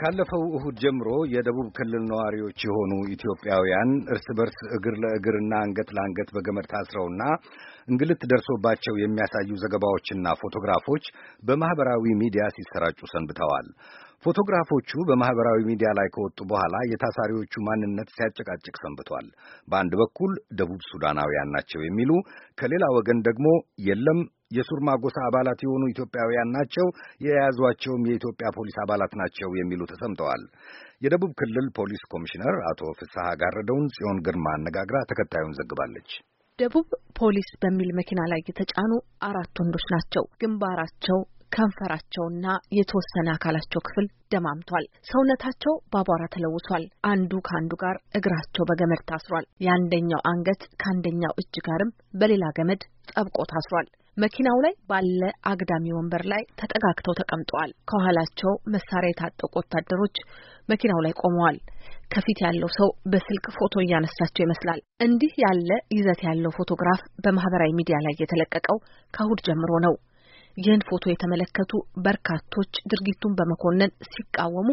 ካለፈው እሁድ ጀምሮ የደቡብ ክልል ነዋሪዎች የሆኑ ኢትዮጵያውያን እርስ በርስ እግር ለእግርና አንገት ለአንገት በገመድ ታስረውና እንግልት ደርሶባቸው የሚያሳዩ ዘገባዎችና ፎቶግራፎች በማኅበራዊ ሚዲያ ሲሰራጩ ሰንብተዋል። ፎቶግራፎቹ በማኅበራዊ ሚዲያ ላይ ከወጡ በኋላ የታሳሪዎቹ ማንነት ሲያጨቃጭቅ ሰንብቷል። በአንድ በኩል ደቡብ ሱዳናውያን ናቸው የሚሉ፣ ከሌላ ወገን ደግሞ የለም የሱርማ ጎሳ አባላት የሆኑ ኢትዮጵያውያን ናቸው፣ የያዟቸውም የኢትዮጵያ ፖሊስ አባላት ናቸው የሚሉ ተሰምተዋል። የደቡብ ክልል ፖሊስ ኮሚሽነር አቶ ፍስሐ ጋረደውን ጽዮን ግርማ አነጋግራ ተከታዩን ዘግባለች። ደቡብ ፖሊስ በሚል መኪና ላይ የተጫኑ አራት ወንዶች ናቸው። ግንባራቸው ከንፈራቸውና የተወሰነ አካላቸው ክፍል ደማምቷል። ሰውነታቸው በአቧራ ተለውሷል። አንዱ ከአንዱ ጋር እግራቸው በገመድ ታስሯል። የአንደኛው አንገት ከአንደኛው እጅ ጋርም በሌላ ገመድ ጠብቆ ታስሯል። መኪናው ላይ ባለ አግዳሚ ወንበር ላይ ተጠጋግተው ተቀምጠዋል። ከኋላቸው መሳሪያ የታጠቁ ወታደሮች መኪናው ላይ ቆመዋል። ከፊት ያለው ሰው በስልክ ፎቶ እያነሳቸው ይመስላል። እንዲህ ያለ ይዘት ያለው ፎቶግራፍ በማህበራዊ ሚዲያ ላይ የተለቀቀው ከእሁድ ጀምሮ ነው። ይህን ፎቶ የተመለከቱ በርካቶች ድርጊቱን በመኮነን ሲቃወሙ፣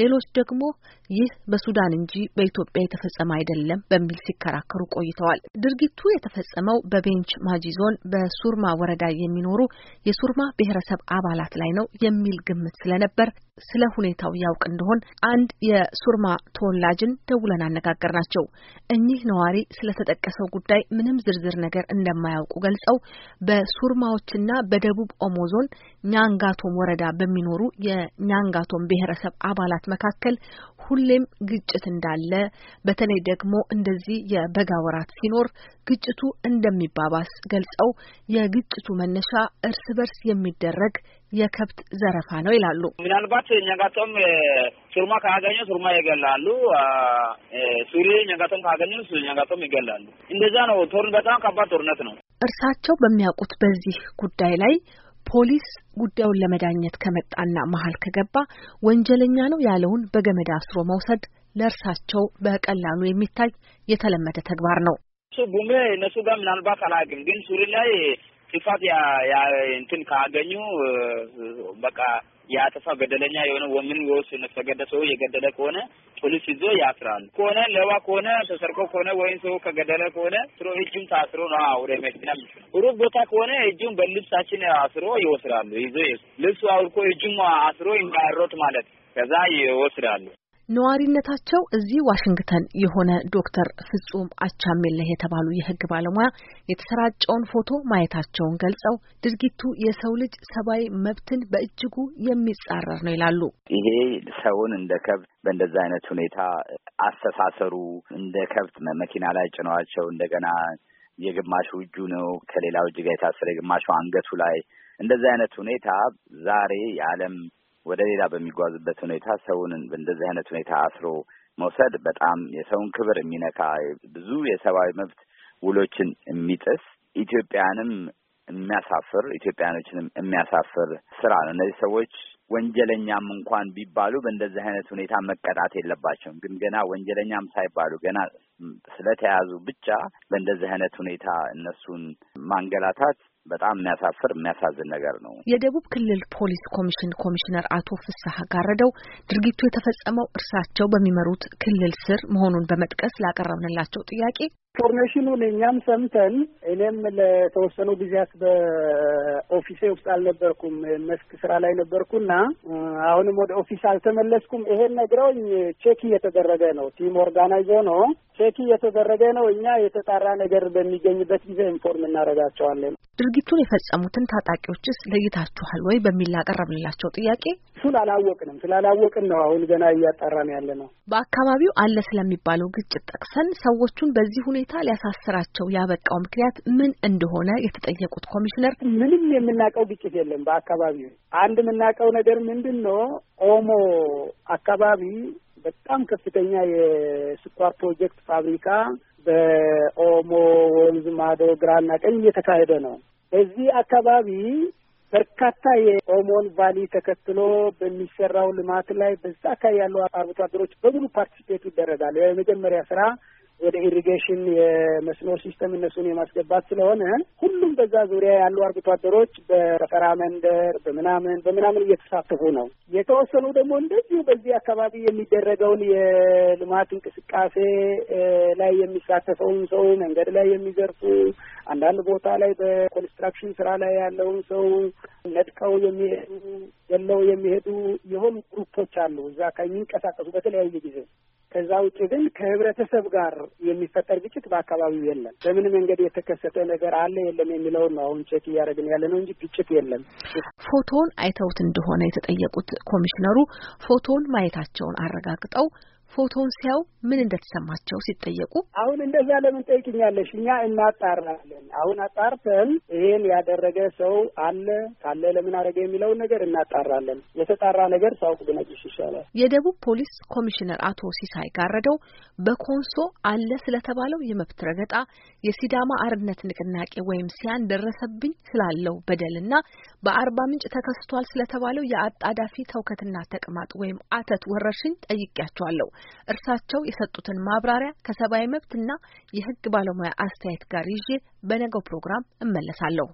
ሌሎች ደግሞ ይህ በሱዳን እንጂ በኢትዮጵያ የተፈጸመ አይደለም በሚል ሲከራከሩ ቆይተዋል። ድርጊቱ የተፈጸመው በቤንች ማጂ ዞን በሱርማ ወረዳ የሚኖሩ የሱርማ ብሔረሰብ አባላት ላይ ነው የሚል ግምት ስለነበር ስለ ሁኔታው ያውቅ እንደሆን አንድ የሱርማ ተወላጅን ደውለን አነጋገር ናቸው። እኚህ ነዋሪ ስለተጠቀሰው ጉዳይ ምንም ዝርዝር ነገር እንደማያውቁ ገልጸው በሱርማዎችና በደቡብ ኦሞ ዞን ኛንጋቶም ወረዳ በሚኖሩ የኛንጋቶም ብሔረሰብ አባላት መካከል ሁሌም ግጭት እንዳለ በተለይ ደግሞ እንደዚህ የበጋ ወራት ሲኖር ግጭቱ እንደሚባባስ ገልጸው የግጭቱ መነሻ እርስ በርስ የሚደረግ የከብት ዘረፋ ነው ይላሉ። ምናልባት ኛጋቶም ሱርማ ካገኙ ሱርማ ይገላሉ፣ ሱሪ ኛጋቶም ካገኙ ኛጋቶም ይገላሉ። እንደዛ ነው። ቶርን በጣም ከባድ ጦርነት ነው። እርሳቸው በሚያውቁት በዚህ ጉዳይ ላይ ፖሊስ ጉዳዩን ለመዳኘት ከመጣና መሀል ከገባ ወንጀለኛ ነው ያለውን በገመድ አስሮ መውሰድ ለእርሳቸው በቀላሉ የሚታይ የተለመደ ተግባር ነው። እሱ ጉሜ እነሱ ጋር ምናልባት አላውቅም፣ ግን ሱሪ ላይ ጥፋት እንትን ካገኙ በቃ የአጥፋ ገደለኛ የሆነ ወምን ወስ ነፍሰ ሰው የገደለ ከሆነ ፖሊስ ይዞ ያስራል። ከሆነ ለዋ ከሆነ ተሰርቆ ከሆነ ወይም ሰው ከገደለ ከሆነ ስሮ እጁም ታስሮ ነው አውሬ መኪና ሩቅ ቦታ ከሆነ እጁም በልብሳችን አስሮ ይወስዳሉ። ይዞ ልብሱ አውልቆ እጁም አስሮ እንዳይሮጥ ማለት ከዛ ይወስዳሉ። ነዋሪነታቸው እዚህ ዋሽንግተን የሆነ ዶክተር ፍጹም አቻሜለህ የተባሉ የሕግ ባለሙያ የተሰራጨውን ፎቶ ማየታቸውን ገልጸው ድርጊቱ የሰው ልጅ ሰብአዊ መብትን በእጅጉ የሚጻረር ነው ይላሉ። ይሄ ሰውን እንደ ከብት በእንደዛ አይነት ሁኔታ አስተሳሰሩ እንደ ከብት መኪና ላይ ጭነዋቸው እንደገና የግማሹ እጁ ነው ከሌላው እጅ ጋር የታሰረ የግማሹ አንገቱ ላይ እንደዚህ አይነት ሁኔታ ዛሬ የዓለም ወደ ሌላ በሚጓዝበት ሁኔታ ሰውን በእንደዚህ አይነት ሁኔታ አስሮ መውሰድ በጣም የሰውን ክብር የሚነካ ብዙ የሰብአዊ መብት ውሎችን የሚጥስ ኢትዮጵያንም የሚያሳፍር ኢትዮጵያኖችንም የሚያሳፍር ስራ ነው። እነዚህ ሰዎች ወንጀለኛም እንኳን ቢባሉ በእንደዚህ አይነት ሁኔታ መቀጣት የለባቸውም። ግን ገና ወንጀለኛም ሳይባሉ ገና ስለተያዙ ብቻ በእንደዚህ አይነት ሁኔታ እነሱን ማንገላታት በጣም የሚያሳፍር የሚያሳዝን ነገር ነው። የደቡብ ክልል ፖሊስ ኮሚሽን ኮሚሽነር አቶ ፍስሐ ጋረደው ድርጊቱ የተፈጸመው እርሳቸው በሚመሩት ክልል ስር መሆኑን በመጥቀስ ላቀረብንላቸው ጥያቄ ኢንፎርሜሽኑን እኛም ሰምተን እኔም ለተወሰኑ ጊዜያት በኦፊሴ ውስጥ አልነበርኩም፣ መስክ ስራ ላይ ነበርኩና አሁንም ወደ ኦፊስ አልተመለስኩም። ይሄን ነግረውኝ ቼክ እየተደረገ ነው፣ ቲም ኦርጋናይዝ ነው ቼክ እየተደረገ ነው። እኛ የተጣራ ነገር በሚገኝበት ጊዜ ኢንፎርም እናደርጋቸዋለን። ድርጊቱን የፈጸሙትን ታጣቂዎችስ ለይታችኋል ወይ በሚል ላቀረብንላቸው ጥያቄ እሱን አላወቅንም። ስላላወቅን ነው አሁን ገና እያጣራን ያለ ነው። በአካባቢው አለ ስለሚባለው ግጭት ጠቅሰን ሰዎቹን በዚህ ሁኔታ ሊያሳስራቸው ያበቃው ምክንያት ምን እንደሆነ የተጠየቁት ኮሚሽነር ምንም የምናውቀው ግጭት የለም በአካባቢው። አንድ የምናውቀው ነገር ምንድን ነው ኦሞ አካባቢ በጣም ከፍተኛ የስኳር ፕሮጀክት ፋብሪካ በኦሞ ወንዝ ማዶ ግራና ቀኝ እየተካሄደ ነው። በዚህ አካባቢ በርካታ የኦሞን ቫሊ ተከትሎ በሚሰራው ልማት ላይ በዛ አካባቢ ያሉ አርብቶ አደሮች በሙሉ ፓርቲሲፔት ይደረጋል። የመጀመሪያ ስራ ወደ ኢሪጌሽን የመስኖ ሲስተም እነሱን የማስገባት ስለሆነ ሁሉም በዛ ዙሪያ ያሉ አርብቶ አደሮች በፈራ መንደር በምናምን በምናምን እየተሳተፉ ነው። የተወሰኑ ደግሞ እንደዚሁ በዚህ አካባቢ የሚደረገውን የልማት እንቅስቃሴ ላይ የሚሳተፈውን ሰው መንገድ ላይ የሚዘርፉ አንዳንድ ቦታ ላይ በኮንስትራክሽን ስራ ላይ ያለውን ሰው ነጥቀው የሚሄዱ ገለው የሚሄዱ የሆኑ ግሩፖች አሉ እዛ ከሚንቀሳቀሱ በተለያየ ጊዜ ከዛ ውጭ ግን ከህብረተሰብ ጋር የሚፈጠር ግጭት በአካባቢው የለም። በምን መንገድ የተከሰተ ነገር አለ የለም የሚለውን ነው አሁን ቼክ እያደረግን ያለ ነው እንጂ ግጭት የለም። ፎቶን አይተውት እንደሆነ የተጠየቁት ኮሚሽነሩ ፎቶን ማየታቸውን አረጋግጠው ፎቶውን ሲያው ምን እንደተሰማቸው ሲጠየቁ አሁን እንደዛ ለምን ጠይቅኛለሽ? እኛ እናጣራለን። አሁን አጣርተን ይሄን ያደረገ ሰው አለ ካለ ለምን አደረገ የሚለውን ነገር እናጣራለን። የተጣራ ነገር ሳውቅ ብነግርሽ ይሻላል። የደቡብ ፖሊስ ኮሚሽነር አቶ ሲሳይ ጋረደው በኮንሶ አለ ስለተባለው የመብት ረገጣ የሲዳማ አርነት ንቅናቄ ወይም ሲያን ደረሰብኝ ስላለው በደልና በአርባ ምንጭ ተከስቷል ስለተባለው የአጣዳፊ ተውከትና ተቅማጥ ወይም አተት ወረርሽኝ ጠይቄያቸዋለሁ። እርሳቸው የሰጡትን ማብራሪያ ከሰብአዊ መብትና የህግ ባለሙያ አስተያየት ጋር ይዤ በነገው ፕሮግራም እመለሳለሁ።